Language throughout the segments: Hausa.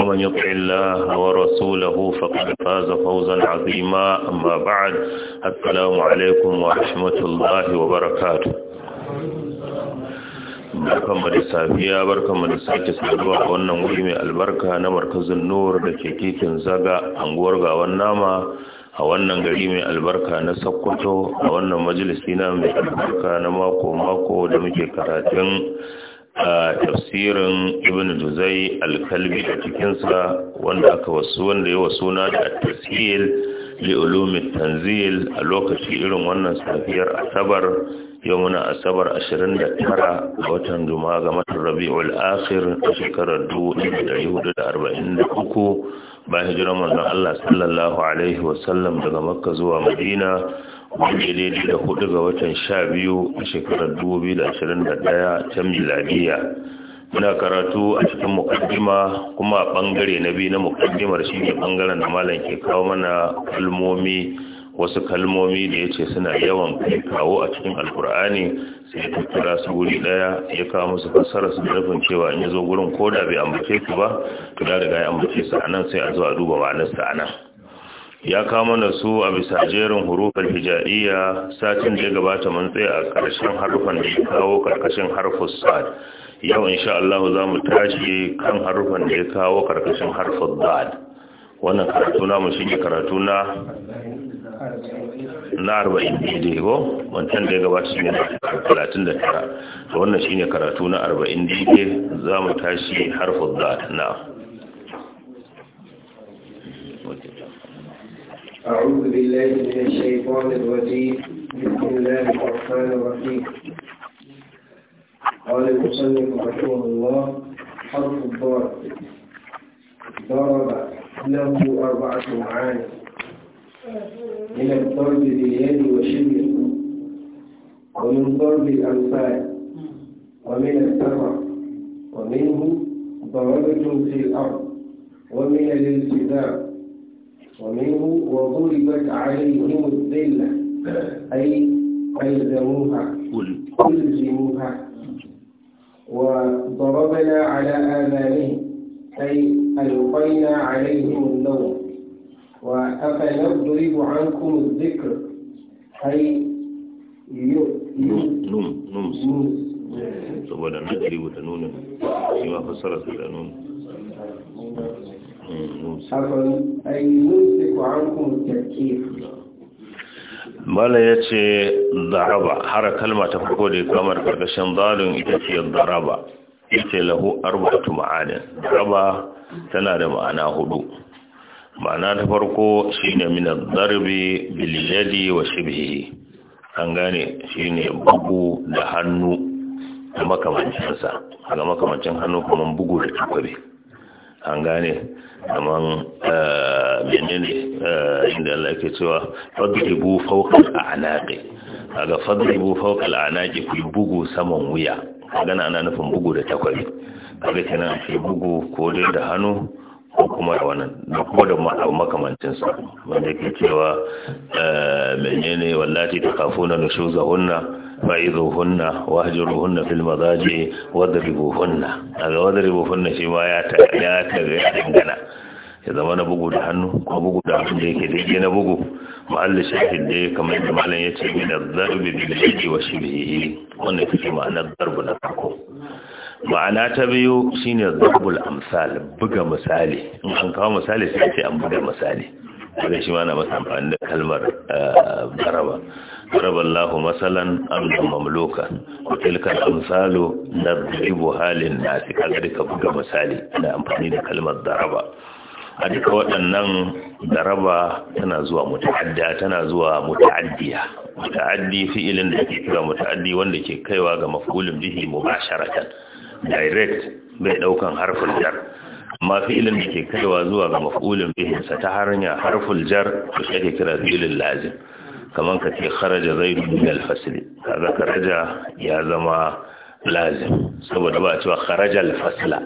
ومن يطع الله ورسوله فقد فاز فوزا عظيما أما بعد السلام عليكم ورحمة الله وبركاته barkanmu da safiya barkanmu da sake saduwa a wannan wuri mai albarka na markazin nur da ke titin zaga anguwar gawan nama a wannan gari mai albarka na sokoto a wannan majalisi na mai albarka na mako-mako da muke karatun A tafsirin ibn duzai alkalbi a cikinsa wanda aka wasu wanda ya wasu na da tasir li'ulumin tanzil a lokaci irin wannan safiyar asabar yau muna asabar 29 a watan juma ga matan rabi'ul akhir a shekarar 1443 bayan hijirar manzon Allah sallallahu alaihi wasallam daga makka zuwa madina wanda daidai da hudu ga watan sha biyu a shekarar daya ta miladiya muna karatu a cikin mukaddima kuma bangare na biyu na mukaddimar shi ne bangaren da malam ke kawo mana kalmomi wasu kalmomi da ya ce suna yawan kai kawo a cikin alkur'ani sai ta kira su wuri daya ya kawo musu fassara su da nufin cewa in ya zo gurin da bai ambace ku ba to da riga ya ambace su a nan sai a zo a duba ma'anarsa a nan ya kama na su a bisa jerin hurufar hijariya, satin da gabata mun tsaye a ƙarshen harufan da ya kawo ƙarƙashin harfus sad yau insha Allah za mu tashi kan harufan da ya kawo ƙarƙashin harfus dad wannan karatu na mu shige karatu na na arba'in daidai ko wancan da ya gabata shi ne talatin da tara to wannan shine karatu na arba'in daidai za mu tashi harfus dad na أعوذ بالله من الشيطان الرجيم بسم الله الرحمن الرحيم قال المصنف رحمه الله حرف الضرب ضرب له أربعة معاني من الضرب باليد وشبه ومن ضرب الأمثال ومن الثمر ومنه ضربة في الأرض ومن الالتزام ومنه وضربت عليهم الذلة أي ألزموها ألزموها وضربنا على آذانهم أي ألقينا عليهم اللوم وأفنضرب عنكم الذكر أي نوم نوم نوم نوم نوم نوم نوم نوم نوم نوم نوم nuna bala ya ce daraba har kalma ta farko da kamar karkashin zalun ita ce daraba ita lahu arba'atu ma'anin daraba tana da ma'ana hudu ma'ana ta farko shine min ad-darbi bil yadi wa shibhihi an gane shine bugu da hannu da makamancin sa ga makamancin hannu kuma bugu da tukwabe an gane kaman eh, menene eh, inda Allah ke cewa fadribu fawqa al'anaqi kaga fadribu fawqa al'anaqi ku bugu saman wuya kaga ana nufin bugu da takwari kaga kenan ku bugu ko da hannu ko kuma da wannan da kuma da makamancin sa wanda ke cewa eh, menene wallati takafuna nushuzahunna fa'izuhunna wahjuruhunna fil mazaji wadribuhunna daga wadribuhunna shi ma ya ta ya ta ya dangana ya zama na bugu da hannu ko bugu da hannu da yake daidai na bugu ma'allin shafin da kamar da malam ya ce mina zarbi bil yadi wa yi. wannan shi ma'anar zarbu na farko ma'ana ta biyu shi ne zarbul amsal buga misali in an kawo misali sai ce an buga misali daga shi ma na masa amfani da kalmar eh, daraba ضرب الله مثلا عبدا مملوكا وتلك الامثال نضربها للناس kaga duka buga misali da amfani da kalmar daraba a duka waɗannan daraba tana zuwa muta'adda tana zuwa muta'addiya muta'addi fi'ilin ke kira muta'addi wanda ke ga maf'ulun bihi mubasharatan direct bai daukan harful jar amma fi'ilin da ke kaiwa zuwa ga mafulin bihi sa ta hanya harful jar to shi ake kira fi'ilin lazim kamar ka ce kharaja zaidu min al-fasl kaga kharaja ya zama lazim saboda ba a cewa kharaja al-fasla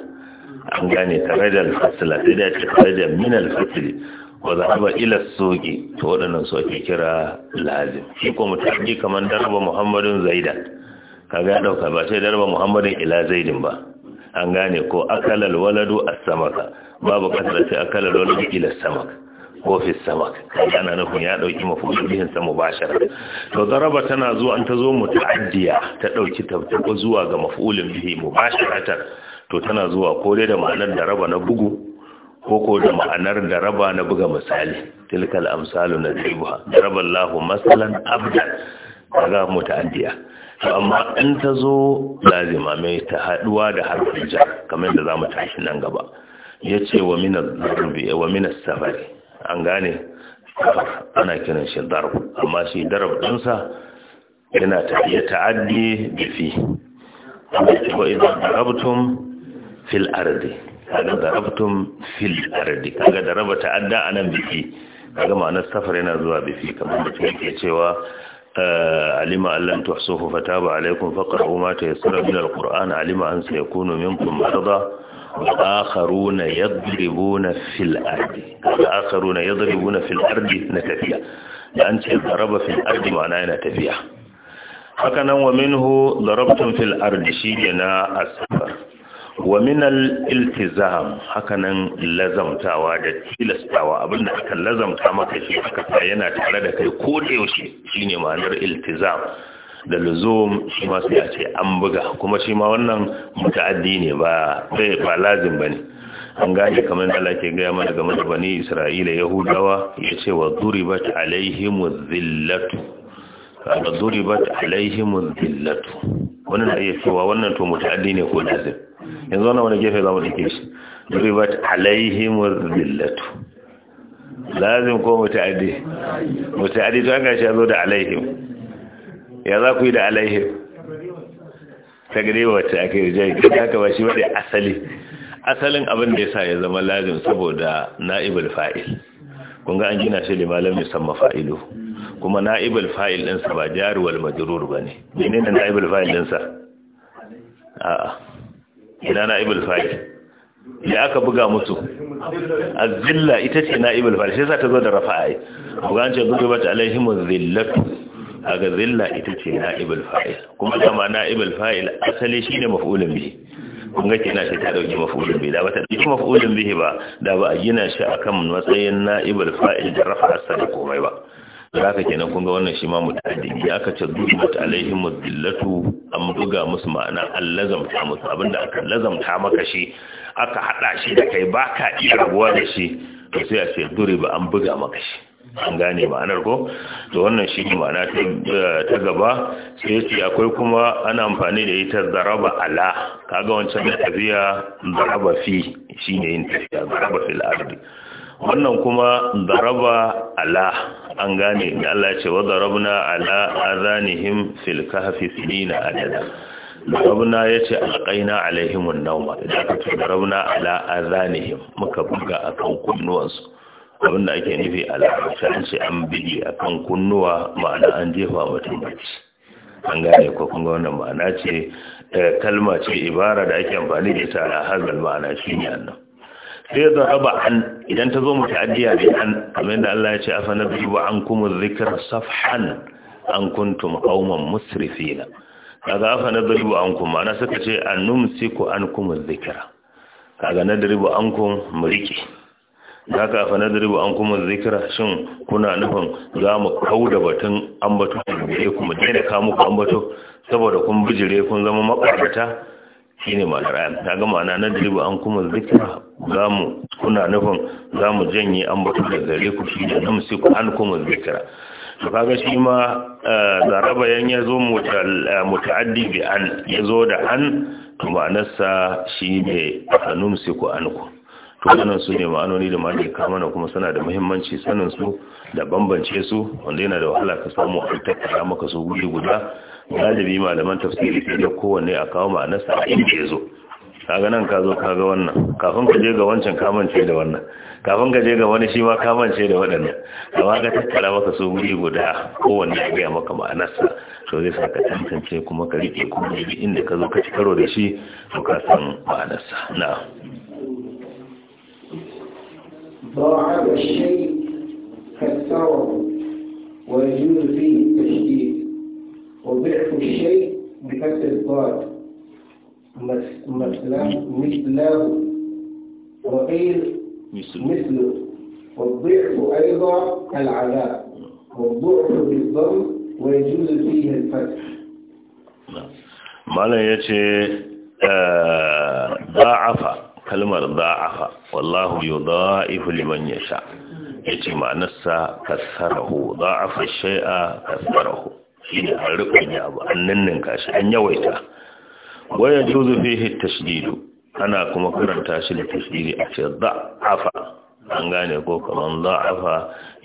an gane kharaja al-fasla sai da ce kharaja min al-fasl wa zahaba ila as-suqi to wadannan su ake kira lazim shi ko mutaji kamar darba muhammadun zaidan kaga ya dauka ba sai darba muhammadun ila zaidin ba an gane ko akalal waladu as-samaka babu kasar sai akalal waladu ila as-samaka Ofis sama samak ana nufin ya dauki mafulin bihin sa mubashara to daraba tana zuwa an ta zo muta'addiya ta dauki tabtako zuwa ga mafulin bihi mubasharatan to tana zuwa ko dai da ma'anar daraba na bugu ko ko da ma'anar daraba na buga misali tilkal amsalu nadribuha daraba Allahu masalan mu ta'addiya. muta'addiya amma in ta zo lazima mai ta haɗuwa da harfin jar kamar da zamu tashi nan gaba yace wa mina darbi wa minas safari an gane ana kiran shi darab amma shi darab ɗinsa yana tafiya ta'addi da fi ko idan darabtum fil ardi kaga darabtum fil ardi kaga daraba ta'adda anan biki kaga ma'anar safar yana zuwa biki kamar da take cewa eh, alima allan tuhsuhu fataba alaikum faqra'u ma tayassara min alquran alima an sayakunu minkum منكم akharuna yadribuna fil ardi kaga akharuna yadribuna fil ardi na tafiya da an ce daraba fil ardi ma'ana yana tafiya haka nan wa minhu darabtum fil ardi na asfar wa min al iltizam haka nan lazamtawa da tilastawa abinda aka lazamta maka shi aka yana tare da kai ko da yaushe shine ma'anar iltizam da luzum shi ma sai a ce an buga kuma shi ma wannan muta'addi ne ba ba lazim bane an gane kamar da Allah ke gaya mana game da bani Isra'ila Yahudawa yace wa duribat alaihim zillatu wa duribat alaihim zillatu. wannan da yake cewa wannan to muta'addi ne ko lazim yanzu wannan wani gefe zamu dake shi duribat alaihim zillatu. lazim ko muta'addi muta'addi to an gashi ya zo da alaihim ya za ku yi da alaihe tagrewa ce ake rijiyar ta kaba shi wadda asali asalin abin da ya sa ya zama lazim saboda na'ibul fa'il kun ga an gina shi limalan samma fa'ilu kuma na'ibul fa'il ɗinsa ba jaruwar majirur ba ne na na'ibul fa'il ɗinsa a'a ina na'ibul fa'il Ya aka buga a zilla ita ce na'ibul fa'il sai za ta zo da rafa'a bugan ce buga bata alaihim zillatu Agazilla zilla ita ce na'ibul fa'il kuma kama na'ibul fa'il asali shine maf'ulun bihi kun ga kina shi ta dauki maf'ulun bihi da ba ta dauki maf'ulun bihi ba da ba a gina shi akan matsayin na'ibul fa'il da rafa asali komai ba zaka kenan kun ga wannan shi ma mutaddi ya aka ce dubat alaihim mudillatu an buga musu ma'ana ta musu abinda aka lazamta maka shi aka hada shi da kai baka iya rabuwa da shi sai a ce ba an buga maka shi an gane ma'anar ko to wannan shi ne ma'ana ta gaba sai ce akwai kuma ana amfani da ita zaraba ala kaga wancan da tafiya zaraba fi shi ne yin tafiya zaraba fi ardi wannan kuma zaraba ala an gane da Allah ce wa zarabna ala azanihim fil kahfi sinina adada darabna ya ce alƙaina alaihimun nauma idan ka ce darabna ala azanihim muka buga akan kunnuwansu da ake nufi a larabci an ce an bidi a kan kunnuwa ma'ana an jefa mutum bacci an gane ko kun wanda ma'ana ce eh, kalma ce ibara da ake amfani da ita a hazal ma'ana shi ne annan sai da raba an idan ta zo muta'addiya ne an kamar da Allah ya ce afa na wa an kuma zikar safhan an kuntum qauman musrifina kaga afa na wa an kuma ana suka ce an ko an kuma zikra kaga na dribu an kun mu za ka fa na daribu an kuma zikira shin kuna nufin za mu kau da batun ambato da kuma daina ka muku ambato saboda kun bijire kun zama makwabta shine malara daga ta ma'ana na daribu an kuma zikira za mu kuna nufin za mu janye ambato da gare ku shi da namsi ku an kuma zikira to kaga shi ma eh, zaraba yan ya zo eh, muta'addi bi an ya zo da an to ma'anarsa shi ne an anku to wannan su ne ma'anoni da malai kamana kuma suna da muhimmanci sanin su da bambance su wanda yana da wahala ka samu an tattara maka su guri guda galibi malaman tafsiri ke da kowanne a kawo ma'anarsa a inda ya zo kaga nan ka zo ka ga wannan kafin ka je ga wancan kamance da wannan kafin ka je ga wani shi ma kamance da waɗannan amma ka tattara maka su guri guda kowanne ya gaya maka ma'anarsa to zai sa ka tantance kuma ka riƙe kuma inda ka zo ka ci karo da shi to ka san ma'anarsa na'am صاحب الشيء فسره ويجوز فيه التشديد وضعف الشيء بكسر الضاد مثله مثله وقيل مثله والضعف أيضا العذاب والضعف بالضم ويجوز فيه الفتح نعم. معنى يتي آه، ضاعفه kalmar da'afa wallahu yudha'ifu liman yasha yace ma'anarsa kasarahu da'afa shay'a kasarahu shine an rubanya abu an ninninka shi an yawaita waya juzu fihi tashdid ana kuma karanta shi da tashdid a ce da'afa an gane ko kaman da'afa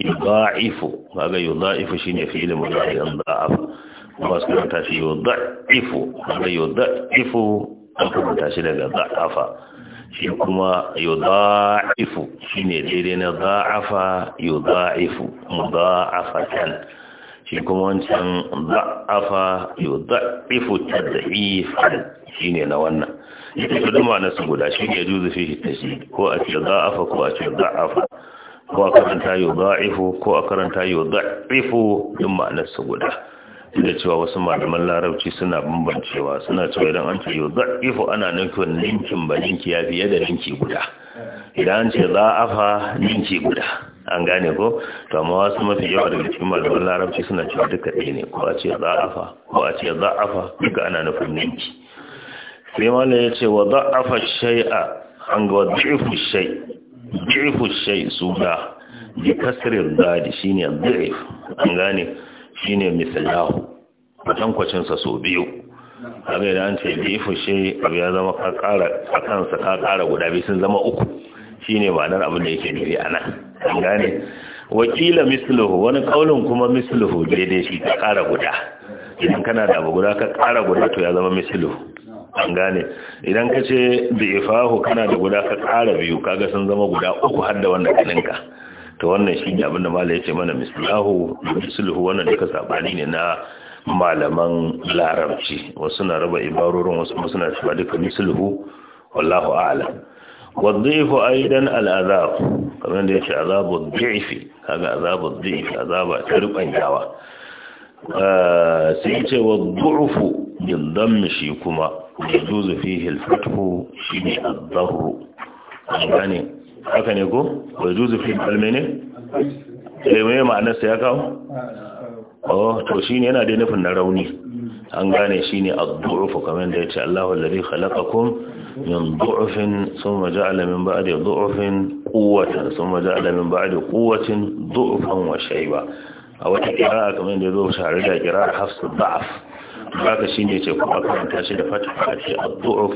yudha'ifu kaga yudha'ifu shine fi'il mudari an da'afa kuma karanta shi yudha'ifu kaga yudha'ifu an karanta shi daga da'afa shi kuma yudha'ifu shine daidai na dha'afa yudha'ifu mudha'afatan shi kuma wancan ta yudha'ifu tadhifan shine na wannan ita kudu ma'ana su guda shi ne juzu fi tashi ko a ce dha'afa ko a ce dha'afa ko a karanta yudha'ifu ko a karanta yudha'ifu din ma'anar su guda da cewa wasu malaman larabci suna bambancewa suna cewa idan an ce ifo ana nufin ninkin ba ninki ya fiye da ninki guda idan an ce fa ninki guda an gane ko to amma wasu mafi yawa daga cikin malaman larabci suna cewa duka ɗaya ne ko a ce fa ko a ce fa duka ana nufin ninki sai mana ya ce wa za'afa shay'a an ga dhifu jifu shai su suda bi kasirin zadi shine dhif an gane shine misalahu kwatankwacin sa so biyu kaga da an ce bi fushe abu ya zama ka kara a kansa ka kara guda biyu sun zama uku shine ma'anar abin da yake nufi anan an gane wakila misluhu wani kaulin kuma misluhu daidai shi ka kara guda idan kana da abu guda ka kara guda to ya zama misluhu an gane idan ka ce bi ifahu kana da guda ka kara biyu kaga sun zama guda uku har da wanda ka ninka to wannan shi ne abinda mala ya ce mana mislahu mislahu wannan duka sabani ne na malaman larabci wasu na raba ibarorin wasu kuma suna cewa duka mislahu wallahu a'lam wadhifu aidan al'azab kamar da yake azabu dhifi kaga azabu dhifi azaba ta rubanjawa ah, sai ce wadhufu bil dhamm shi kuma yajuzu fihi al-fathu shi ne al dharr gane haka ne ko wai zuzu fi kalme ne eh mai ma'anar sa ya kawo oh to shine yana da nufin na rauni an gane shine a du'ufu kamar da yace Allahu alladhi khalaqakum min du'ufin thumma ja'ala min ba'di du'ufin quwwatan thumma ja'ala min ba'di quwwatin du'ufan wa shayba a wata kira kamar da yazo tare da kira hafsu da'af haka shine yace kuma karanta shi da fataha ce a duuf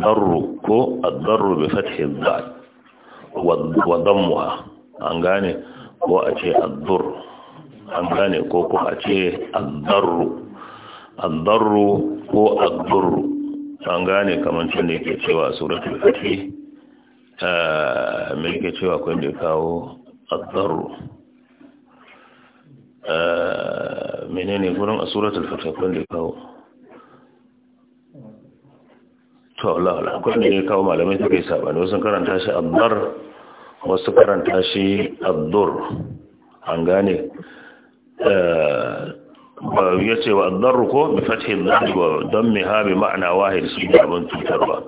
darru ko addarru bi fathi dhal wa dammuha an gane ko a ce addur an gane ko ko a ce darru addarru darru ko addurru an gane kamar can da yake cewa suratul fathi mai yake cewa kun da kawo addarru menene gurin a suratul fathi kun da kawo to Allah Allah akwai kawo malamai suka yi saɓani wasu karanta shi abdar wasu karanta shi abdur an gane eh, ya ce wa abdarru ko mai fashe dhari don mai haɓe ma'ana wahil su yi abin tutarwa.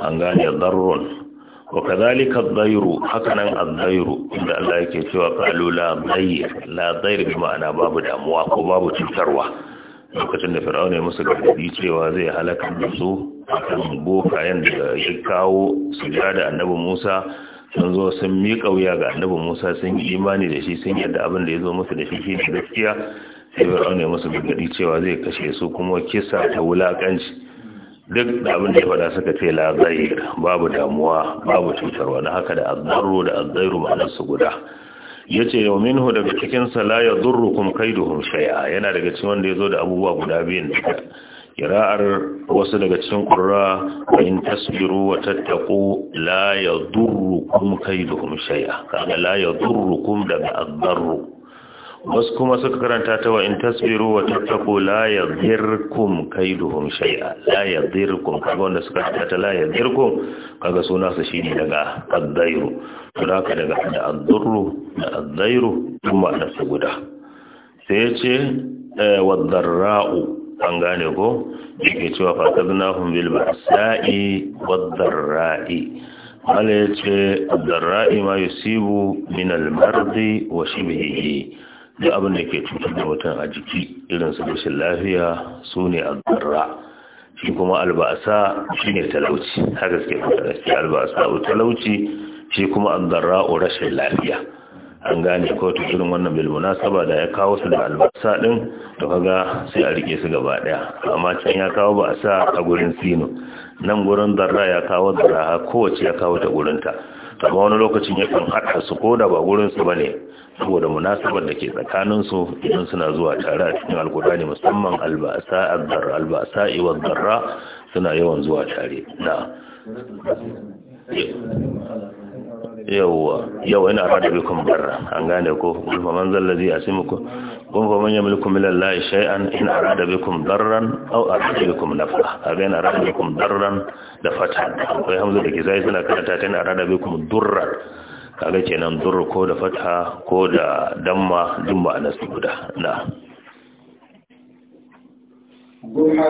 an gane darrun wa ka zalika zairu hakanan ad inda Allah yake cewa qalu la zairu, la zairu ma'ana babu damuwa ko babu tutarwa. lokacin da fir'auna ya musu gargadi cewa zai halaka da su akan boka da ya kawo su da annabi Musa sun zo sun miƙa wuya ga annabi Musa sun yi imani da shi sun yadda abin da ya zo musu da shi shi ne gaskiya sai fir'auna ya musu gargadi cewa zai kashe su kuma kisa ta wulakanci duk da abin da ya faɗa suka ce la babu damuwa babu cutarwa na haka da azzarro da azzairu ma'anarsu guda yace yau minhu daga cikin sala ya kai kaiduhum shay'a yana daga cikin wanda ya zo da abubuwa guda biyu kira'ar wasu daga cikin ƙura a yin tasbiru wa tattako la kai kaiduhum shay'a kaga la yadurrukum daga adarru wasu kuma suka karanta ta wa in tasbiru wa tattaku la yadhirkum kaiduhum shay'a la yadhirkum kaga wanda suka karanta ta la yadhirkum kaga suna su shine daga azzairu dairu to daga da ad da azzairu kuma da su guda sai ya ce eh, wa zarra'u an gane ko yake cewa fa na bil ba'sa'i sa'i dharra'i Allah ya ce ma yusibu min al-mardi wa shibhihi duk abin da ke cutar da mutum a jiki irin su rashin lafiya su ne a gara shi kuma alba'asa shi ne talauci haka suke da shi alba'asa a talauci shi kuma an gara o rashin lafiya an gane ko to wannan bil saboda ya kawo su da albasa din to kaga sai a rike su gaba daya amma can ya kawo ba a sa a gurin sino nan gurin darra ya kawo darra kowace ya kawo ta gurinta, ta amma wani lokacin ya kan haɗa su ko da ba gurinsu su bane saboda munasabar da ke tsakanin su idan suna zuwa tare a cikin alkurani musamman albasa azzarra albasa iwa zarra suna yawan zuwa tare na yawa yau yana rada kuma barra an gane ko kuma man zallazi a simuku gulfa man yamliku milan layi shay'an in arada bikum darran aw arada bikum nafa kaga yana arada bikum darran da fata akwai hamza da ke zai suna karanta ta yana arada bikum durran kaga kenan durr ko da fatha ko da damma duk ma'ana su guda na duha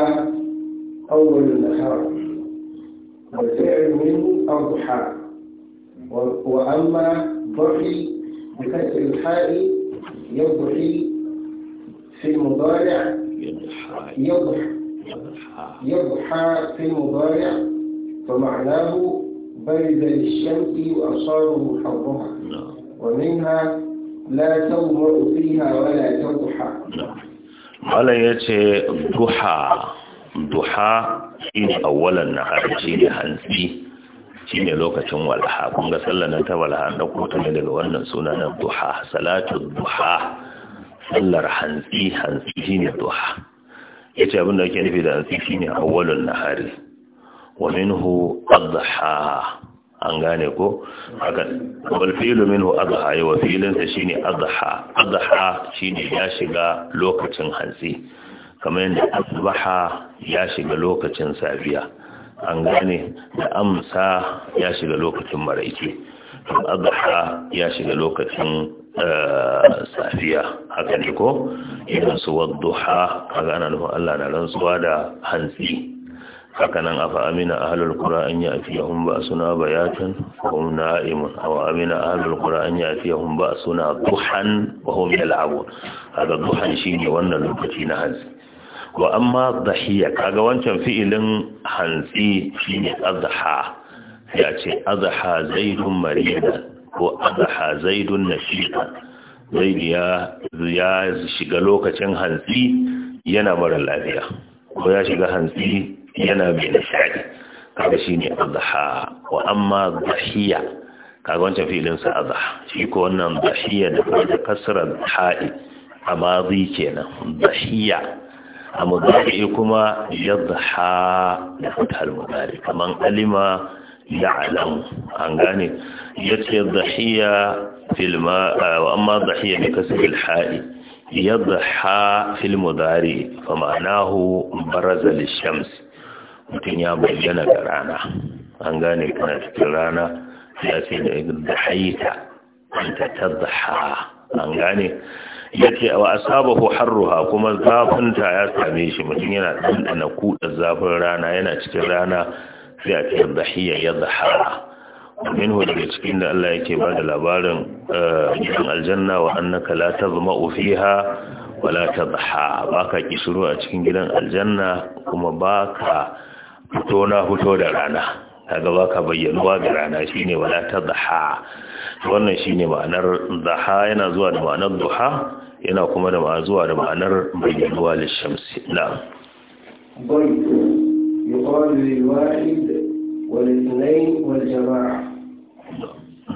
awwal nahar wa fi'l min aw duha wa amma dhuhi bi kasr al-ha'i yadhuhi في المضارع يضحى يضحى mudari' fa ma'nahu بارزة للشمس وأبصاره حرها ومنها لا تغمر فيها ولا تضحى قال يتي ضحى ضحى شيء أولا نهار شيء هنسي shi ne lokacin walha kun ga sallar ta walha na ɗauko daga wannan suna duha salatu duha sallar hantsi hantsi shi ne duha ya ce abin da ake nufi da hantsi shi ne awalun nahari wa minhu adha an gane ko haka bal fi'lu minhu adha wa fi'lun sa shine adha adha shine ya shiga lokacin hantsi kamar yadda asbaha ya shiga lokacin safiya an gane da amsa ya shiga lokacin maraice to adha ya shiga lokacin eh, safiya haka ne ko irin su wadduha kaga ana Allah na rantsuwa da hantsi hakanan afa amina ahlul qura an ya'tiyahum ba'suna bayatan wa hum na'imun aw amina ahlul qura an ya'tiyahum ba'suna duhan wa hum yal'abun hada duhan shine wannan lokaci na hanzi wa amma dhahiya kaga wancan fi'ilin hanzi shine Adha, sai a ce azha zaidun marida ko Adha zaidun nashita zaidi ya ya shiga lokacin hanzi yana mara lafiya ko ya shiga hanzi yana mai nishadi kaga shine azha wa amma dhahiya kaga wancan filin sa azha shi ko wannan dhahiya da da kasrar ha'i amazi kenan dhahiya a mudari kuma yadha da fatal mudari kaman alima ya'lamu an gane yace dhahiya fil ma wa amma dhahiya bi kasr al ha'i yadha fil mudari fa ma'anahu baraza shams mutum ya bayyana da rana an gane kana cikin rana ya ce da haita an ta zaha an gane ya ce wa asabahu harruha kuma zafinta ya same shi mutum yana ɗanɗana kuɗa zafin rana yana cikin rana sai a ce hiyar ya zahara. hu daga cikin da Allah yake ba da labarin eh, gidan aljanna wa annaka la tazma fiha wala tadha baka kisru a cikin gidan aljanna kuma baka fito na fito da rana kaga ka bayyanuwa ga rana shine wala ta zaha wannan shine ma'anar zaha yana zuwa da ma'anar duha yana kuma da ma'anar zuwa da ma'anar bayyanuwa lishamsi na'am ضيف يقال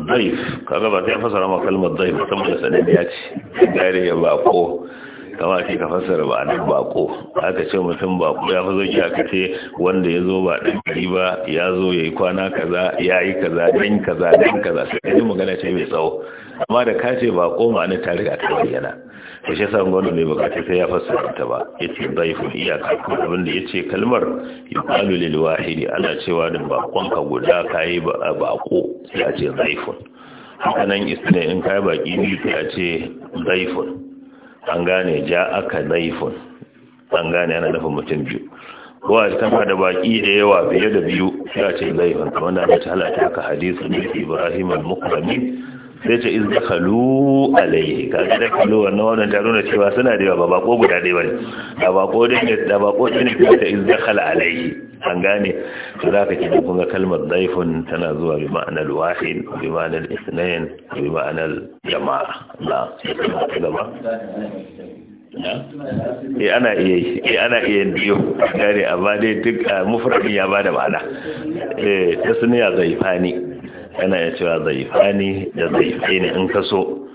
ضيف kaga ba sai fasara ma kalmar ضيف kuma da sanadiya ce dare ya bako kama shi ka fassara ba nan bako aka ce mutum bako ya fi zoki aka ce wanda ya zo ba ɗan gari ba ya zo ya yi kwana kaza ya yi kaza ɗan kaza ɗan kaza sai ka ji magana ce mai tsawo amma da ka ce bako ma ma'ana tare a ta bayyana ba shi yasa gwamnati ne bukatu sai ya fassara ta ba yace fi iya ko abin da yace kalmar yuqalu lilwa wahidi ana cewa da bakon ka guda kayi yi bako sai a ce daifun hakanan nan isna in kai baki ne yace ce zaifun an gane ja aka naifin an gane yana nufin mutum biyu wa tana da baki da yawa fiye da biyu ya ce laifin kamar da ta halatta haka hadisi ne ibrahim al mukhrami sai ce iz dakhalu alayhi ka ga dakhalu wannan wannan ta nuna cewa suna da yawa ba ko guda ɗaya bane da ba ko da bako din ne ta iz dakhala alayhi an gane to za ka ke da kunga kalmar daifin tana zuwa bi ma'anar wahin bi ma'anar isnayin bi ma'anar jama'a na gaba e ana iya yi e ana iya biyo gane amma dai duk ah, mufradin ya bada ma'ana eh tasniya zaifani yana ya cewa zaifani da zaifaini in ka so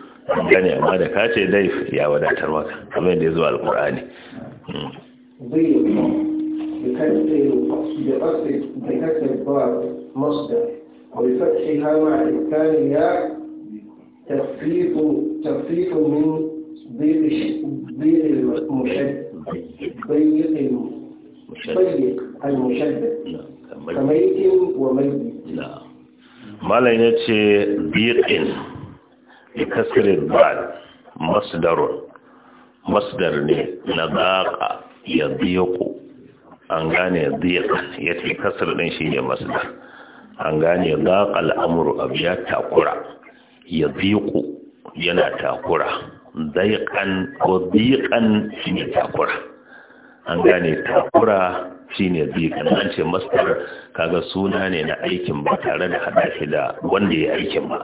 gane amma da kace daif ya wadatar maka kamar da ya zuwa alqur'ani hmm. بكسر بكسر بكسر الضاد مصدر وبفتحها مع الثانية تخفيف تخفيف من ضيق ضيق المشدد ضيق ضيق المشدد كميت وميت نعم ما لا ce ضيق bi kasirin مصدر مصدر masdar ne an gane dhiq yace kasr din shine masdar an gane za al abu ya takura ya dhiqu yana takura zaiƙan ko shi shine takura an gane takura shine biƙan an ce masdar kaga suna ne na aikin ba tare da haɗa shi da wanda ya aikin ba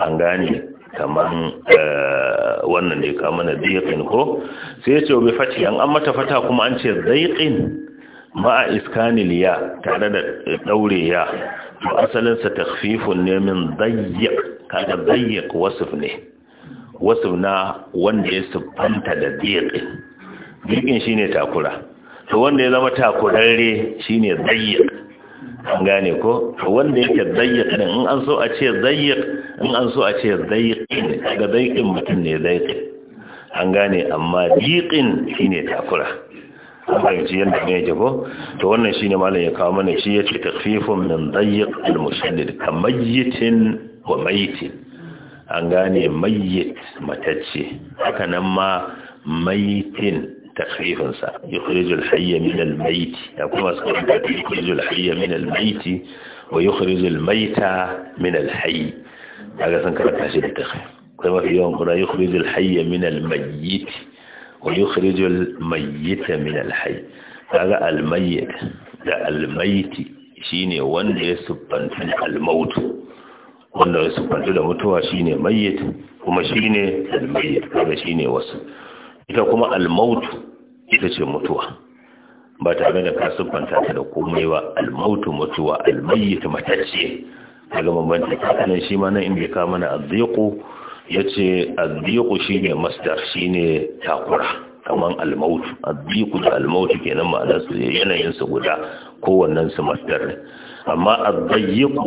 an gane kaman eh, wannan ne kama na zaiƙin ko sai ce obi bifati an an mata fata kuma an ce zaiƙin ma'a iskanil ya tare da daure ya to sa takhfifun ne min dayyiq kaga dayyiq wasf ne wasf na wanda ya sufanta da dayyiq dayyiqin shine takura to wanda ya zama takurare shine dayyiq an gane ko to wanda yake dayyiq din in an so a ce dayyiq in an so a ce dayyiqin kaga dayyiqin mutum ne dayyiq an gane amma diqin shine takura an fahimci yadda ne yake ko to wannan shine malam ya kawo mana shi yace takfifun min dayyiq al-mushaddid kamayyitin wa maitin an gane mayyit matacce haka nan ma maitin takfifin sa yukhrijul hayya min al-mayt ya kuma sai da yukhrijul hayya min al-mayt wa yukhrijul mayta min al-hayy kaga san karanta shi da takfif kuma yawan kuna yukhrijul hayya min al-mayyit wa yukhrijul mayyita min alhayy kaga almayyit da almayti shine wanda ya siffanta almaut wanda ya siffanta da mutuwa shine mayyit kuma shine almayyit kaga shine wasu ita kuma almaut ita ce mutuwa ba tare da ka ta da komai ba mutuwa almayyit matacce kaga bambanta kanan shi ma nan mana azziqu ya ce addiku shi ne masdar shi ne takura kamar almautu addiku da almautu ke nan ma'ana su yanayin su guda kowannen su masdar ne amma addayiku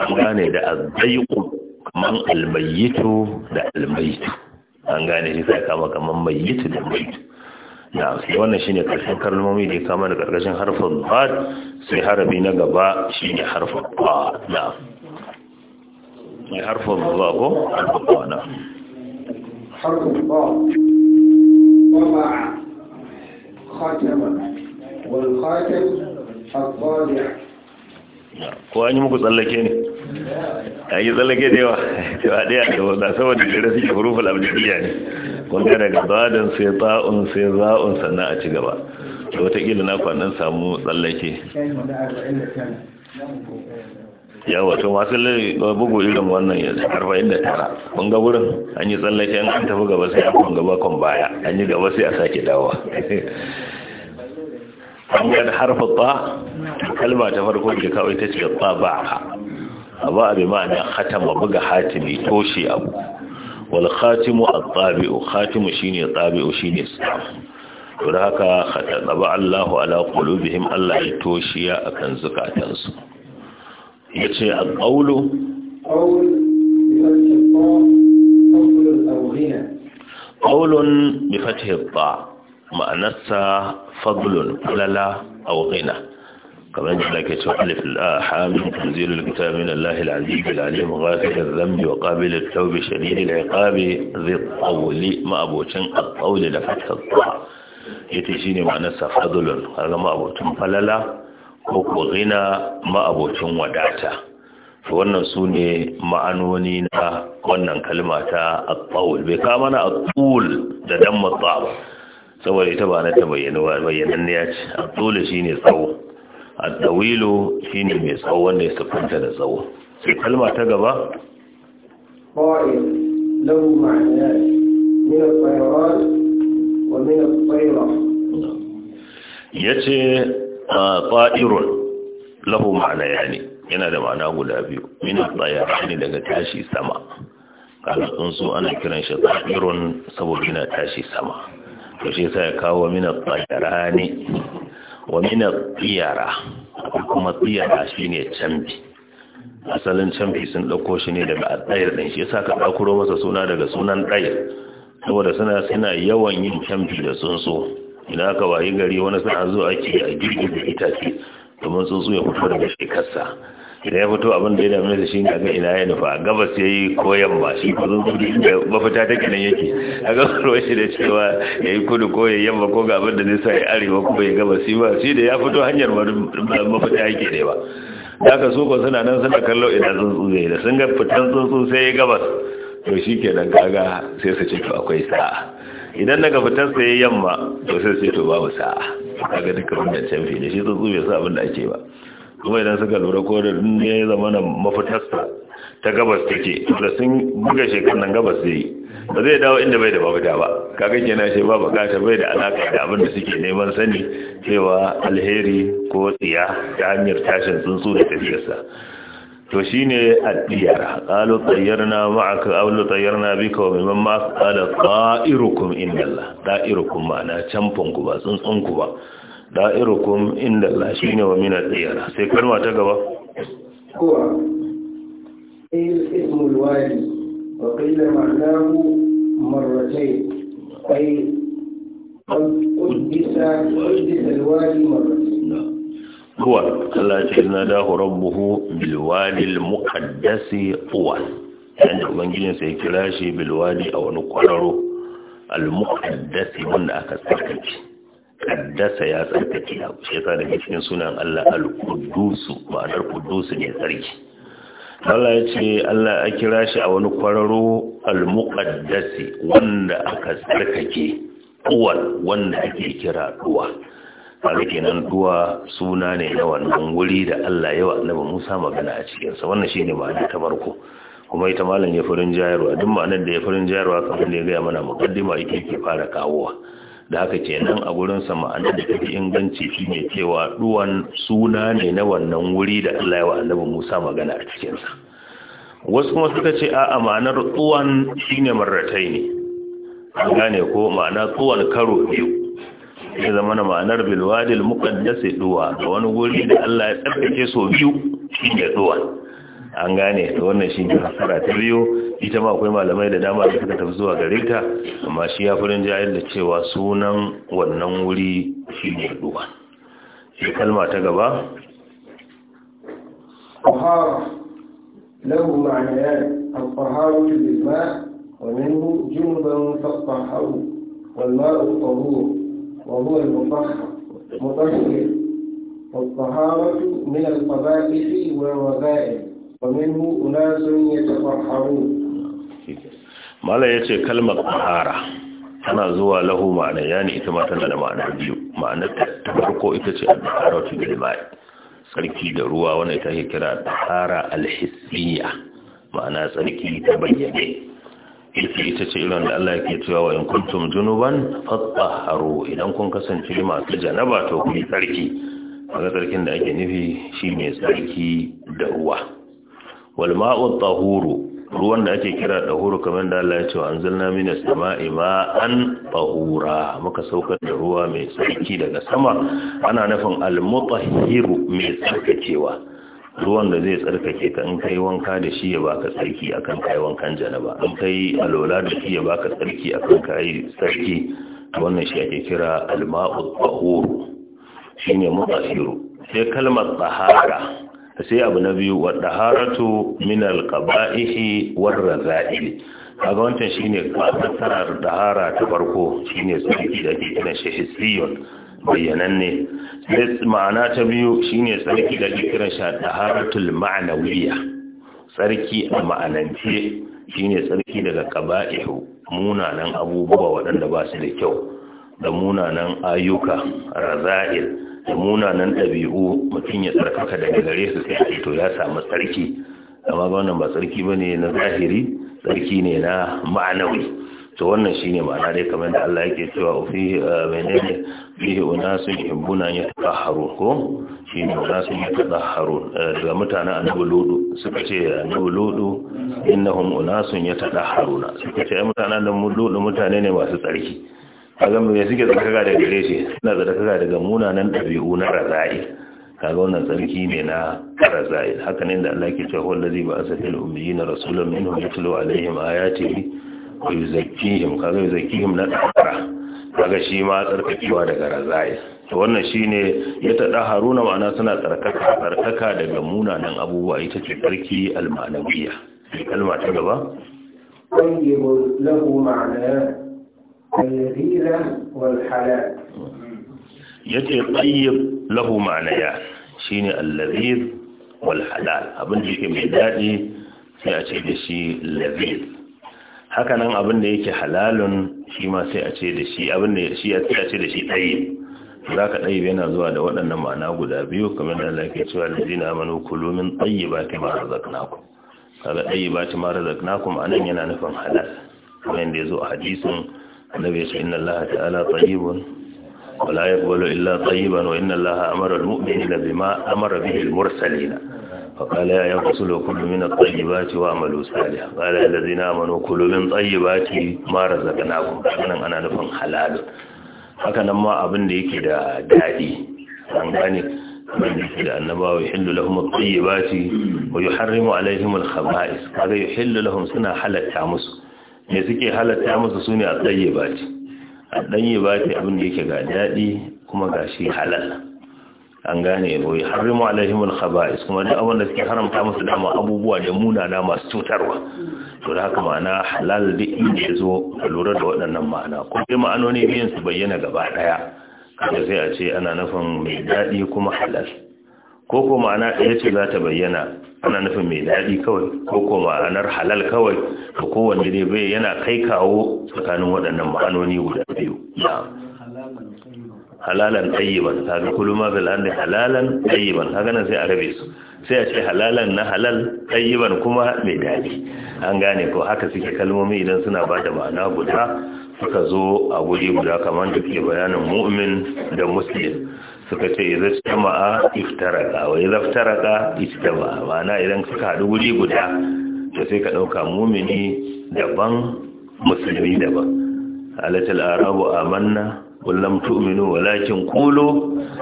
an gane da addayiku kamar almayitu da almayitu an gane shi sai kama kamar mayitu da mayitu na sai wannan shi ne karshen kalmomi da ya kama da karkashin harfin ba sai harabi na gaba shi ne harfin ba na mai harfin ba ko harfin ba na ko an yi muku tsallake ne a yi tsallake da yawa cewa daya da wanda saboda jirgin suke huruful abdiyya ne kun ga daga zaɗin sai za'un sai za'un sannan a ci gaba Da wataƙila na kwanan samu tsallake yawa to masu bugu irin wannan yanzu arba'in da tara ga wurin an yi tsallake an tafi gaba sai an gaba kan baya an yi gaba sai a sake dawa an yi harfa ba kalma ta farko da kawai ta ce ba ba a ba a bi ma'ana hatama buga hatimi toshe abu wal khatimu at-tabi'u khatimu shine tabi'u shine islam to da haka Allah ala qulubihim Allah ya toshiya akan zukatansu ya القول قول بفتح ƙaulun bi fatihar ba ma'anarsa fadlun أو غنى كما يقول لك تؤلف الآحام تنزيل الكتاب من الله العزيز العليم غافل الذنب وقابل التوب شديد العقاب ذي الطول ما أبو تن الطول لفتح الطاعة يتجيني معنى سفضل هذا ما أبو تن فللا ko ko ghina ma'abocin wadata to wannan su ne ma'anoni na wannan kalma ta at bai ka mana at da dan matsa saboda ita ba na ta bayyana bayyanan ne ya ce at-tul shine tsawo at-tawilu shine mai tsawo wanda ya sufanta da tsawo sai kalma ta gaba qa'il lahu ma'anan min at-tayran wa min at-tayra yace ta'irun lahu ma'ana ya ne. yana da ma'ana guda biyu min shi ne daga tashi sama kaga tsuntsu ana kiran shi ta'irun saboda yana tashi sama to shi sai ya kawo min al ne wa min tsayara kuma kuma shi shine canbi asalin canfi sun ɗauko shi ne daga tsayar ɗin shi yasa ka ɗakuro masa suna daga sunan ɗayar saboda suna suna yawan yin canfi da tsuntsu Ina aka wayi gari wani suna zuwa ake a girgin da itace domin tsuntsu ya fito daga shekarsa da ya fito abin da ya damu da shi ne ga ina ya nufa gabas ya yi koyan ba shi ko zun da mafita ta kenan yake a gabar shi da cewa ya yi kudu ko ya yamma ko ga da nisa ya arewa ko ya gabas shi ba shi da ya fito hanyar mafita yake ne ba da aka so ko suna nan suna kallo ina tsuntsu zai da sun ga fitan tsuntsu sai ya gabas to shi kenan gaga sai su ce akwai sa'a idan daga fitar sai yamma to sai sai to babu sa'a kaga duka wannan can ne shi tsuntsu bai sa abin da ake ba kuma idan suka lura ko da dun ya zama mafitar sa ta gabas take da sun buga shekar nan gabas zai ba zai dawo inda bai da da ba kaga kenan shi ba bukata bai da alaka da abin da suke neman sani cewa alheri ko tsiya ta hanyar tashin tsuntsu da tafiyarsa to shine addiyar qalu tayyarna ma'aka aw la tayyarna bika wa mimman ma qala qa'irukum indallah da'irukum ma'ana canfon ku ba tsuntsun ku ba da'irukum indallah shine wa min addiyar sai kalma ta gaba ko ismul wali wa qila ma'nahu marratayn ay قدس قدس الوالي مرتين huwa Allah ce na dahu rabbuhu bilwadil muqaddasi huwa yanda ubangijin sai kira shi bilwadi a wani kwararo al-muqaddasi wanda aka tsarkake kaddasa ya tsarkake abu kushe sa daga cikin sunan Allah al-qudus ma'anar qudus ne tsarki Allah ya ce Allah a kira shi a wani kwararo al-muqaddasi wanda aka tsarkake uwal wanda ake kira duwa kaga kenan duwa suna ne na wannan wuri da Allah yawa annabi Musa magana a cikin sa wannan shine ma'ana ta farko kuma ita malam ya furin jayarwa duk ma'anar da ya furin jayarwa kafin da ya gaya mana muqaddima yake ke fara kawowa da haka kenan a gurin sa ma'anar da take inganci shine cewa duwan suna ne na wannan wuri da Allah yawa annabi Musa magana a cikin wasu kuma suka ce a ma'anar duwan shine marratai ne an gane ko ma'ana duwan karo biyu ya zama na ma'anar bilwadil mukaddasi duwa da wani guri da Allah ya tsarkake so biyu da duwa an gane da wannan shi ne hasara ta biyu ita ma akwai malamai da dama da suka tafi zuwa gare ta amma shi ya furin jayar da cewa sunan wannan wuri shi ne duwa shi kalma ta gaba طهارة له معنيان الطهارة بالماء ومنه جنبا فالطهر والماء الطهور وهو المطهر مطهر والطهارة من القبائح والوبائل ومنه أناس يتطهرون Malam ya ce kalmar tsahara tana zuwa lahu ma'ana yani ita ma tana da ma'ana biyu ma'ana ta farko ita ce a taharatu wata ma'i Tsarki da ruwa wanda ita ke kira tahara alhissiya ma'ana tsarki ta bayyane ita ce irin da Allah yake cewa wa in kuntum junuban fatahharu idan kun kasance masu janaba to ku tsarki kaga da ake nufi shi shine tsarki da ruwa wal ma'u tahuru ruwan da ake kira tahuru kamar da Allah ya ce anzalna minas sama'i ma'an tahura muka saukar da ruwa mai tsarki daga sama ana nufin al mutahhiru mai tsarkakewa ruwan da zai tsarkake ka in kai wanka da shi ya baka tsarki akan kai wankan janaba in kai alola da shi ya baka tsarki akan kai tsarki wannan shi ake kira alma'u tahuru shine mutasiru sai kalmar tsahara sai abu na biyu wa daharatu min alqaba'ihi war raza'il kaga wancan shine tsarar dahara ta farko shine tsarki da ake kiran shi bayyananne sai ma'ana ta biyu shine tsarki da kiran sha taharatul ma'nawiyya tsarki a ma'anance shine tsarki daga qaba'ihu munanan abubuwa waɗanda ba su da kyau da munanan ayyuka raza'il da munanan ɗabi'u mutum ya tsarkaka daga gare su sai to ya samu tsarki amma ba wannan ba tsarki bane na zahiri tsarki ne na ma'anawi to wannan shine ma'ana dai kamar da Allah yake cewa fihi uh, menene fihi unasun yuhibbuna yatahharun ko shi ne unasun yatahharun daga uh, mutanen annabi ludu suka ce annabi ludu innahum unasun na suka ce mutanen mu ludu mutane ne masu tsarki kaga me suke tsarkaka da gare shi suna tsarkaka daga munanan dabi'u na razai kaga wannan tsarki ne na razai haka ne da Allah yake cewa wallazi ba asafil na rasulun minhum yatlu alaihim ayatihi wa yuzakkihim kaga yuzakkihim na tsara kaga shi ma tsarkakewa daga razaya to wannan shine ya tada haruna ma'ana suna tsarkaka tsarkaka daga munanan abubuwa ita ce tsarki almanawiyya kalma ta gaba طيب له معنى اللذيذ والحلال yace tayyib lahu ma'anaya shine al-ladhid wal halal abin da yake mai dadi sai a ce da shi ladhid haka nan abin da yake halalun shi ma sai a ce da shi abin da shi a tsaya ce da shi tsaye za ka ɗaya yana zuwa da waɗannan ma'ana guda biyu kamar da Allah ke cewa da zina manu kulumin tsaye ba ta mara zaknakum kaga tsaye ba ta mara zaknakum a nan yana nufin halal kuma yadda ya zo a hadisin annabi ya ce inna Allah ta'ala tayyibun wala yaqbalu illa tayyiban wa inna Allah amara al-mu'minina bima amara bihi al-mursalina فقال يا رسول كل من الطيبات واعملوا صالحا قال الذين امنوا كل من طيبات ما رزقناكم nan ana nufin حلال haka nan ma abin da yake da dadi an gane man yake da annabawa yuhillu lahum at-tayyibati wa yuharrimu alaihim al-khaba'is kaga yuhillu lahum suna halatta musu me suke halatta musu sune at-tayyibati at-tayyibati abin da yake ga dadi kuma gashi halal an gane wai harrimu alaihimul khaba'is kuma duk abin da suke haramta musu dama abubuwa da munana masu cutarwa to da haka ma'ana halal da inda ya zo a lura da waɗannan ma'ana ko dai ma'anoni biyan su bayyana gaba ɗaya kada sai a ce ana nufin mai daɗi kuma halal ko ko ma'ana ɗaya ce za ta bayyana ana nufin mai daɗi kawai ko ko ma'anar halal kawai ko kowanne dai bai yana kai kawo tsakanin waɗannan ma'anoni guda biyu na'am halalan tayyiban kaga kullu ma bil ardi halalan tayyiban kaga nan sai a rabe su sai a ce halalan na halal tayyiban kuma mai dadi an gane ko haka suke kalmomi idan suna ba da ma'ana guda suka zo a guri guda kamar da ke bayanin mu'min da muslim suka ce idan jama'a iftaraka wa idan iftaraka ijtama ma'ana idan suka haɗu guri guda to sai ka dauka mu'mini daban musulmi daban alatul arabu amanna kullum tu'minu walakin qulu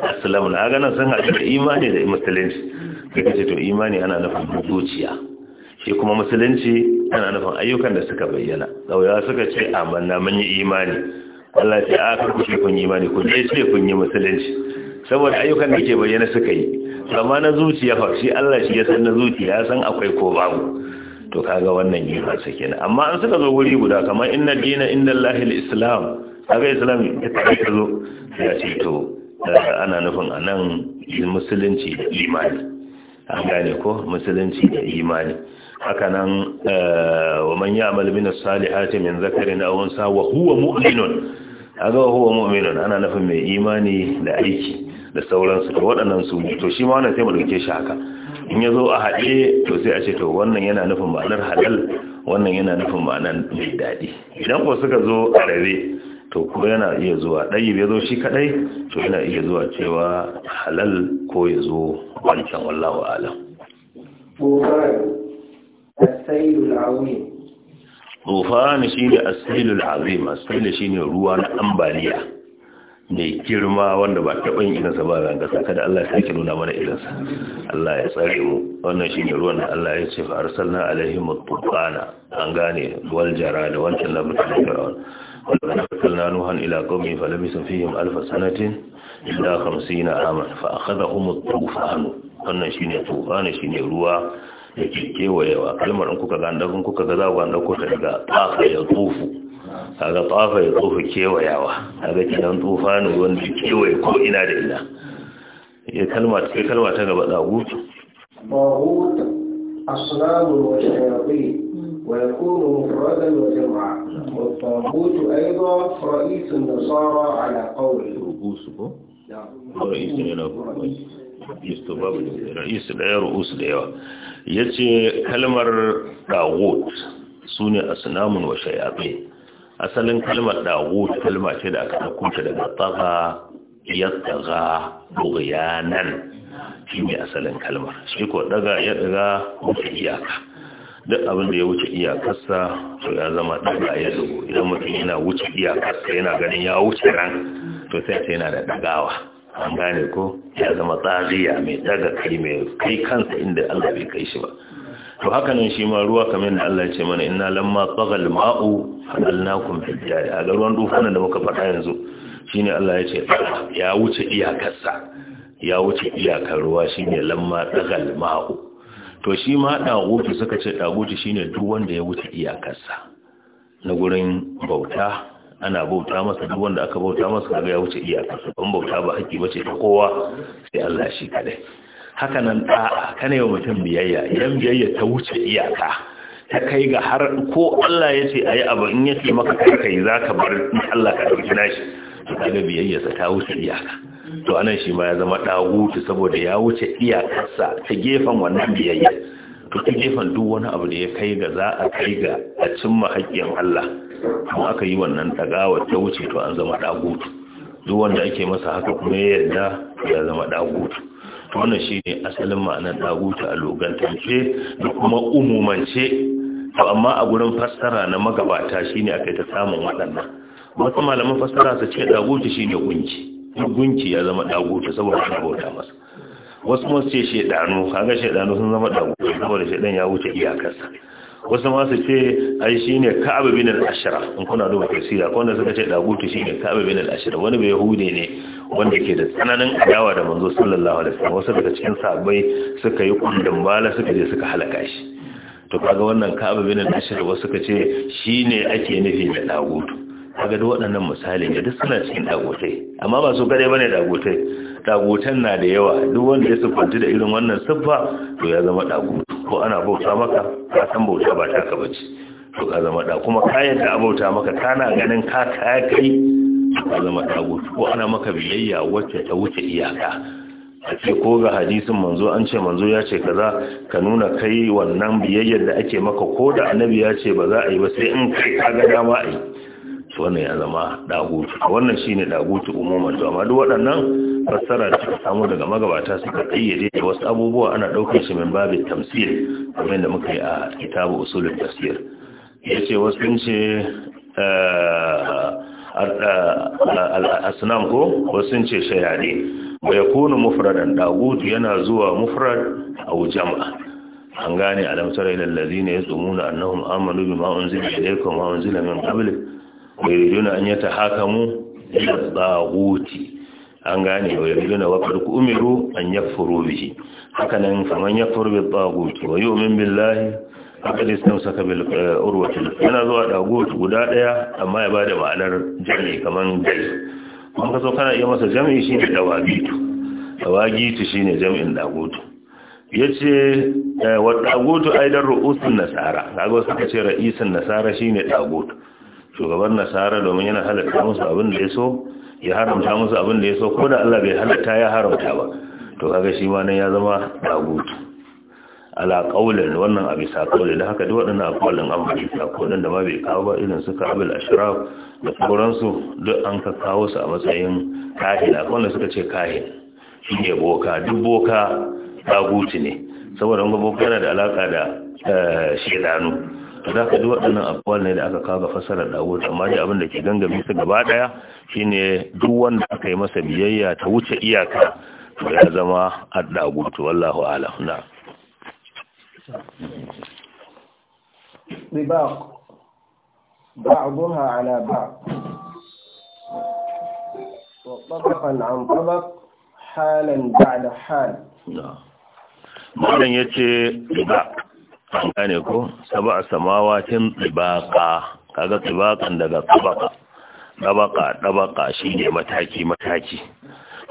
aslamna Na ganin sun haɗu da imani da musulunci kaga ce to imani ana nufin zuciya shi kuma musulunci ana nufin ayyukan da suka bayyana dauya suka ce amanna mun yi imani Allah ya ce a ku ce kun yi imani ku ce ce kun yi musulunci saboda ayyukan da ke bayyana suka yi amma na zuciya fa shi Allah shi ya san na zuciya san akwai ko babu to kaga wannan yi fasa kenan amma an suka zo wuri guda kamar inna dina inda Allahil alislam kaga islami ya zo ya ce to eh, ana nufin a nan musulunci da imani an gane ko musulunci da imani haka nan eh, wa man ya'mal min as-salihati min zakarin aw unsa wa huwa mu'minun aga huwa mu'minun ana nufin mai imani da aiki da sauransu to waɗannan su to shi ma wannan sai mu dauke shi haka in yazo a haɗe to sai a ce to wannan yana nufin ma'anar halal wannan yana nufin ma'anar mai daɗi idan ko suka zo a rabe to ko yana iya zuwa ɗayi ya zo shi kaɗai to yana iya zuwa cewa halal ko ya zo wancan wallawa alam tsofani shi ne asilul azim asilul shi ne ruwa na ambaliya mai girma wanda ba yin irinsa ba zanga saka kada Allah ya sake nuna mana irinsa Allah ya tsare mu wannan shi ne ruwan da Allah ya ce fa arsalna alaihim tufana an gane wal jara da wancan labarin da ولقد أرسلنا نوحا إلى قومه فلبث فيهم ألف سنة إلا خمسين عاما فأخذهم الطوفان wannan shine tufani shine ruwa da ke kewayewa kalmar in kuka ganda kun kuka ga ganda kuka daga tafa ya tufu daga tafa ya tufu kewayawa kaga kidan tufani wanda kewaye ko ina da ina ya kalma ta kalma ta gaba dagu bahut aslam wa shayatin wa yakunu mufradan wa jama'a. والطاغوت أيضا رئيس النصارى على قول رئيس رئيس ya ce kalmar ɗagot su ne a asalin kalmar ɗagot kalma ce da aka ɗaukunta daga tsaga ya tsaga ɗoyanan shi asalin kalmar shi ɗaga ya ɗaga wuce iyaka duk abin da ya wuce iyakarsa to ya zama daga ya zubo idan mutum yana wuce iyakarsa yana ganin ya wuce ran to sai ta yana da dagawa an gane ko ya zama tsariya mai daga kai mai kai kansa inda Allah bai kai shi ba to hakanan nan shi ma ruwa kamar da Allah ya ce mana ina lamma tsagal ma'u halalnakum fil jari a ruwan dufanan da muka faɗa yanzu shine Allah ya ce ah, ya wuce iyakarsa ya wuce iyakar ruwa shine lamma tsagal ma'u to shi ma ɗagutu suka ce ɗagutu shine duk wanda ya wuce iyakarsa na gurin bauta ana bauta masa duk wanda aka bauta masa kaga ya wuce iyakarsa ban bauta ba haƙi bace ta kowa sai Allah shi kadai haka nan ɗa'a kana yau mutum biyayya idan biyayya ta wuce iyaka ta kai ga har ko Allah ya ce ayi abu in yake maka kai kai zaka bar Allah ka dauki nashi kaga biyayya ta wuce iyaka to anan shi ma ya zama ɗagutu saboda ya wuce iyakarsa ta gefen wannan biyayya to ta gefen duk wani abu da ya kai ga za a kai ga a cimma haƙƙin Allah kuma aka yi wannan ɗagawa ta wuce to an zama ɗagutu duk wanda ake masa haka kuma ya yarda ya zama ɗagutu to wannan shi ne asalin ma'anar ɗagutu a logantance da kuma umumance to amma a gurin fassara na magabata shine aka ta samun waɗannan wasu malaman fassara su ce shi shine kunci gunki ya zama daguta saboda ana bauta masa wasu masu ce shaidanu kaga shaidanu sun zama daguta saboda shaidan ya wuce iyakarsa wasu masu ce ai ne ka'ab bin al-ashra in kuna duba tafsira ko wanda suka ce shi ne ka'ab bin al-ashra wani bai yahude ne wanda ke da tsananin adawa da manzo sallallahu alaihi wasallam wasu daga cikin sahabbai suka yi kundin bala suka je suka halaka shi to kaga wannan ka'ab bin al-ashra wasu suka ce shi ne ake nufi da dagutu kaga waɗannan misalin ya duk suna cikin dagotai amma ba su gare bane dagotai dagotan na da yawa duk wanda ya sufanci da irin wannan siffa to ya zama dago ko ana bauta maka ka san bauta ba ta ka bace to ka zama da kuma kayan da abauta maka kana ganin ka kaya kai ka zama dago ko ana maka biyayya wacce ta wuce iyaka a ce ko ga hadisin manzo an ce manzo ya ce kaza ka nuna kai wannan biyayyar da ake maka ko da annabi ya ce ba za a yi ba sai in kai ka ga dama a yi wannan ya zama dagutu wannan shine dagutu umuman to amma duk waɗannan fassara da suka samu daga magabata suka kayyade da wasu abubuwa ana ɗaukar shi min babin tamsir kamar da muka yi a kitabu usulul tafsir ce wasu sun ce eh, al-asnam eh, ko wasu sun ce shayade bai kuna mufradan dagutu yana zuwa mufrad a jama'a an gane alamtar ne ya tsumuna annahum amanu bima unzila ilaykum wa unzila min qablik yuriduna an hakamu ila taghuti an gane wa wa farku umiru an yakfuru bihi haka nan faman yakfuru bi taghuti wa yu'min billahi haka da sun saka bil urwati yana zuwa tagut guda daya amma ya bada ma'anar jami kaman dai kuma kaso kana iya masa jami shine dawagitu dawagitu shine jami'in tagut ya ce wa ɗagoto aidar ru'usun nasara ɗago suka ce ra'isun nasara shi ne shugaban nasara domin yana halatta musu abin da ya so ya haramta musu abin da ya so ko da Allah bai halatta ya haramta ba to kaga shi ma nan ya zama dagutu ala qaulin wannan a sa qaulin da haka duk waɗannan aqwalin an bari ta dan da ma bai kawo ba irin su Ka'abul Ashraf da su duk an ka kawo su a matsayin kahila wanda suka ce kahin shi ne boka duk boka dagutu ne saboda wani boka yana da alaka da eh, shedanu da ka ji waɗannan abubuwan ne da aka kaga da dawud amma da abin da ke gangami su gaba ɗaya shine duk wanda aka yi masa biyayya ta wuce iyaka to ya zama to wallahu alam na ribaq بعضها على بعض وطبقا عن طبق حالا بعد حال نعم malam ya ce riba an gane ko saba a samawatin tsibaka kaga tsibakan daga tsibaka tsibaka tsibaka shi ne mataki-mataki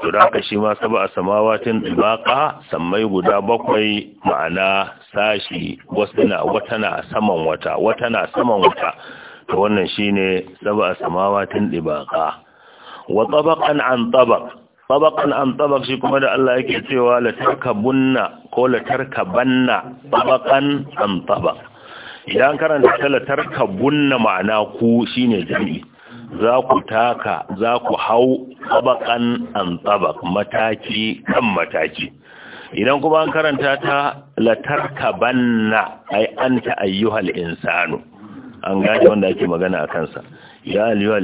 to da aka shi ma saba a samawatin tsibaka sammai guda bakwai ma'ana sashi wasu na wata na saman wata wata na saman wata to wannan shi ne saba a samawatin tsibaka, wa tsabakan an tsabak tabakan an tabak shi kuma da Allah yake cewa la tarkabunna ko la tarkabanna tabakan an tabak idan karanta ta la tarkabunna ma'ana ku shine jam'i za ku taka za ku hau tabakan an tabak mataki kan mataki idan kuma an karanta ta la tarkabanna ai anta ayyuhal insanu an gaji wanda ake magana a kansa ya aliyu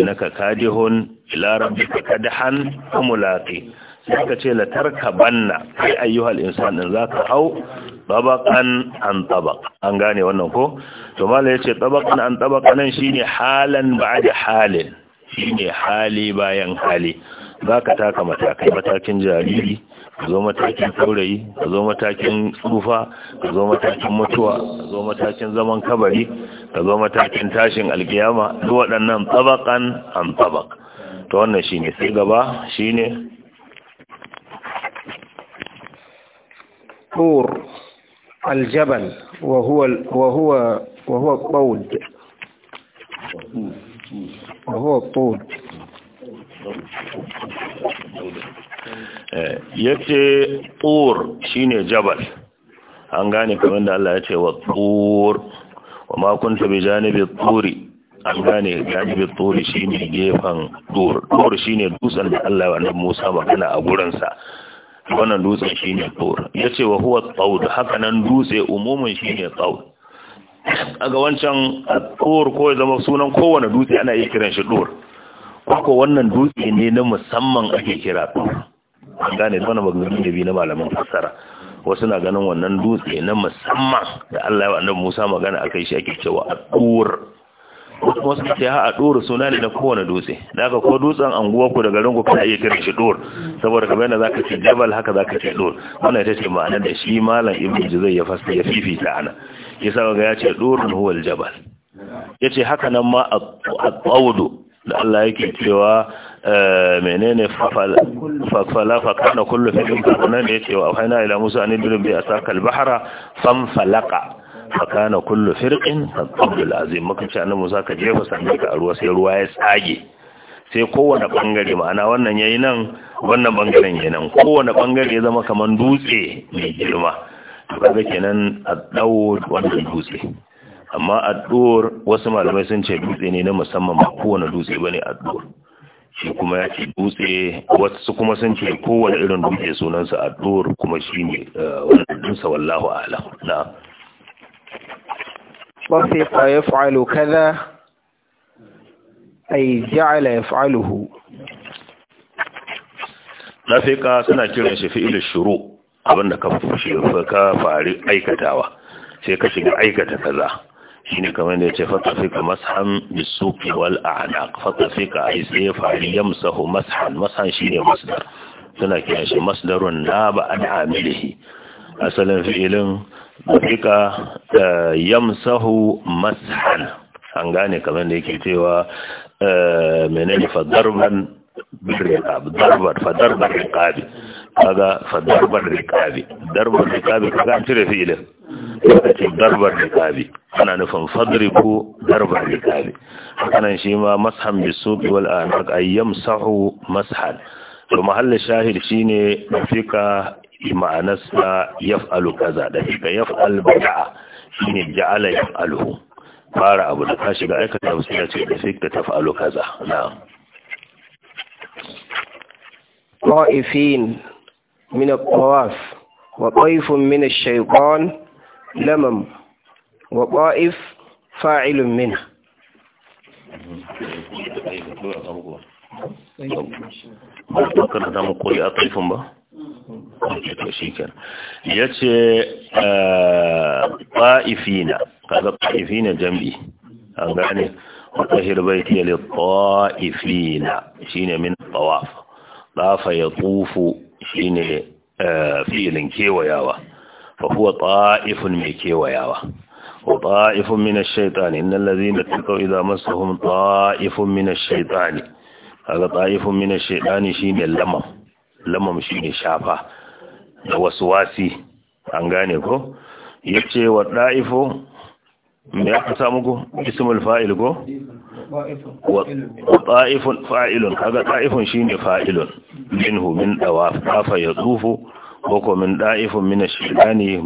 ina ka kadihun ila ka kadhan kumulaki sai ka ce latarka banna kai ayyuwa al'insan za ka hau tabakan an tabak an gane wannan ko tumala ya ce tabakan an tabak nan shine halan ba'da halin ne hali bayan hali zaka taka matakai matakin jariri ka zo matakin saurayi ka zo matakin tsufa ka zo matakin mutuwa ka zo matakin zaman kabari ka zo matakin tashin alkiyama duk waɗannan tsabakan an tsabak ta wannan ne, sai gaba ne tur aljabal wa huwa وهو wa huwa الطود Eh, ya ce tsor shi ne jabal an gane kamar da Allah ya ce wa tsor wa makunta bi janibi tsori an gane janibi tsori shi ne gefen tsor tsor shi ne dutsen da Allah wa nan musa magana a gurinsa wannan dutsen shi ne tsor ya ce wa huwa tsaud haka nan dutse umumin shi ne tsaud a ga wancan tsor ko ya zama sunan kowane dutse ana yi kiran shi tsor kwakwa wannan dutse ne na musamman ake kira tsor an gane wani maganganu da biyu na malamin fassara wasu na ganin wannan dutse na musamman da Allah ya annabi Musa magana akai shi ake cewa adur wasu ka ce ha adur suna ne na kowane dutse daga ko dutsen anguwa ku da garin ku kana iya kiran shi dur saboda kamar yadda zaka ce jabal haka zaka ce dur wannan ita ce ma'anar da shi malam ibnu juzai ya fasa ya fifita ana yasa ga ya ce durun huwal jabal yace haka nan ma at-tawdu da Allah yake cewa Eh, menene fafala fakana kullu fi'lin nan da ce wa haina ila an a falaka fakana kullu abdul azim muka ce musa ka jefa sami ka ruwa sai ruwa ya tsage sai kowane bangare ma'ana wannan ya yi nan wannan bangaren ya nan kowane bangare ya zama kamar dutse mai girma to zake kenan a dawo wannan dutse amma addu'ar wasu malamai sun ce dutse ne na musamman ba kowane dutse ba ne a ɗuwar. shi kuma ya ce dutse wasu kuma sun ce kowane irin dutse sunansa a dur kuma shi ne eh, wannan dutse wallahu ala na وفق ja'ala ya أي جعل يفعله نفق سنة كيران شفئل الشروع abin da ka fari aikatawa sai ka shiga aikata kaza shine kamar da fi ka mas'an bisuki wal fi ka ai sai fari mas'an, mas'an shi ne masdar suna kiran shi masdarun na ba an amilihi asalin fi'ilin fika eh, yamsahu mas'an, an gane kamar da yake cewa eh, menene fadarban birriqab darbat fadarban rikabi kaga fadarban riqabi darban rikabi kaga an cire fi'ilin lokacin darbar rikabi ana nufin fadribu darbar rikabi hakanan shi ma mashan bisuqi wal anaq ayyam sahu mashan to mahallin shahid shine dafika ma'anarsa yaf'alu kaza dafika yaf'al bid'a shine ja'ala yaf'aluhu fara abu da ka shiga aikata wasu ya ce dafika taf'alu kaza na'am طائفين وطيف من الشيطان لمم وطائف فاعل منها karanta mu koyi a kaifin ba? to shi kenan ya ce ƙa'ifina kaga ƙa'ifina jam'i an gane wata hirbaiti ya le ƙa'ifina shi ne min tsawafa ɗafa ya tufu shi ne filin kewayawa fa huwa ta'ifun mai kewayawa wa ta'ifun min ash-shaytani innal ladhina taqaw idza massahum ta'ifun min ash-shaytani kaga ta'ifun min ash-shaytani shine lamam lamam shine shafa da waswasi an gane ko yace wa da'ifu me aka samu ismul fa'il wa shine min boko min da'ifun min ash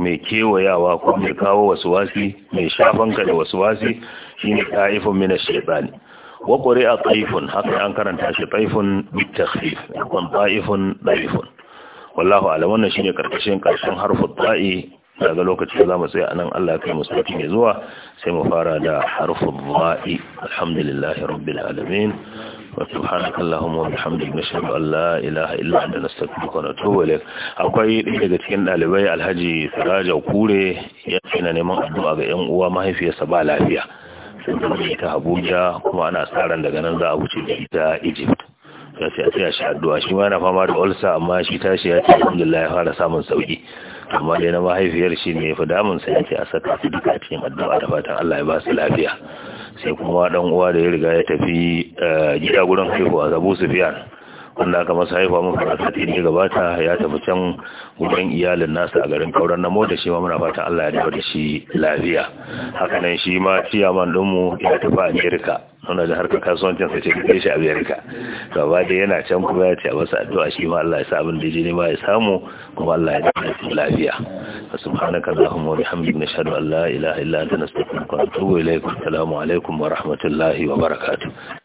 mai kewayawa ko mai kawo wasi, mai shafan da wasi shine da'ifun min ash-shaytani wa qari'a taifun haka an karanta shi taifun bit takhfif kun ɗa'ifun. daifun wallahu a'lam wannan shine karkashin karshen harfin ta'i daga lokacin za mu tsaya anan Allah ya kai mu sauki mai zuwa sai mu fara da harfin za'i alhamdulillahi rabbil alamin وسبحانك اللهم وبحمدك نشهد ان لا اله الا انت نستغفرك ونتوب اليك akwai daga cikin ɗalibai Alhaji Siraja Kure ya tsina neman addu'a ga yan uwa mahaifiyarsa ba lafiya sun ta Abuja kuma ana tsaran daga nan za a wuce da ita Egypt ya ce a tsaya shi addu'a shi ma yana fama da ulsa amma shi tashi ya ce alhamdulillah ya fara samun sauki amma dai na mahaifiyar shi ne fa damun sai a saka su duka cikin addu'a da fatan Allah ya ba su lafiya sai kuma ɗan uwa da ya riga ya tafi eh, gida gurin haifuwa zabu sufiyan wanda aka masa haifa mun fara sati ne gabata ya tafi can gudan iyalin nasa a garin kauran namo da shi ma muna fata Allah ya dawo da shi lafiya haka nan shi ma ciyaman mu ya tafi Amerika wanda da harkar kasuwancin sa ce kai shi Amerika to ba dai yana can kuma ya ce a masa addu'a shi ma Allah ya sa abin da ne ma ya samu kuma Allah ya dawo da shi lafiya subhanaka allahumma wa bihamdika nashhadu an la ilaha illa anta nastaghfiruka wa natubu ilaik assalamu alaikum wa rahmatullahi wa barakatu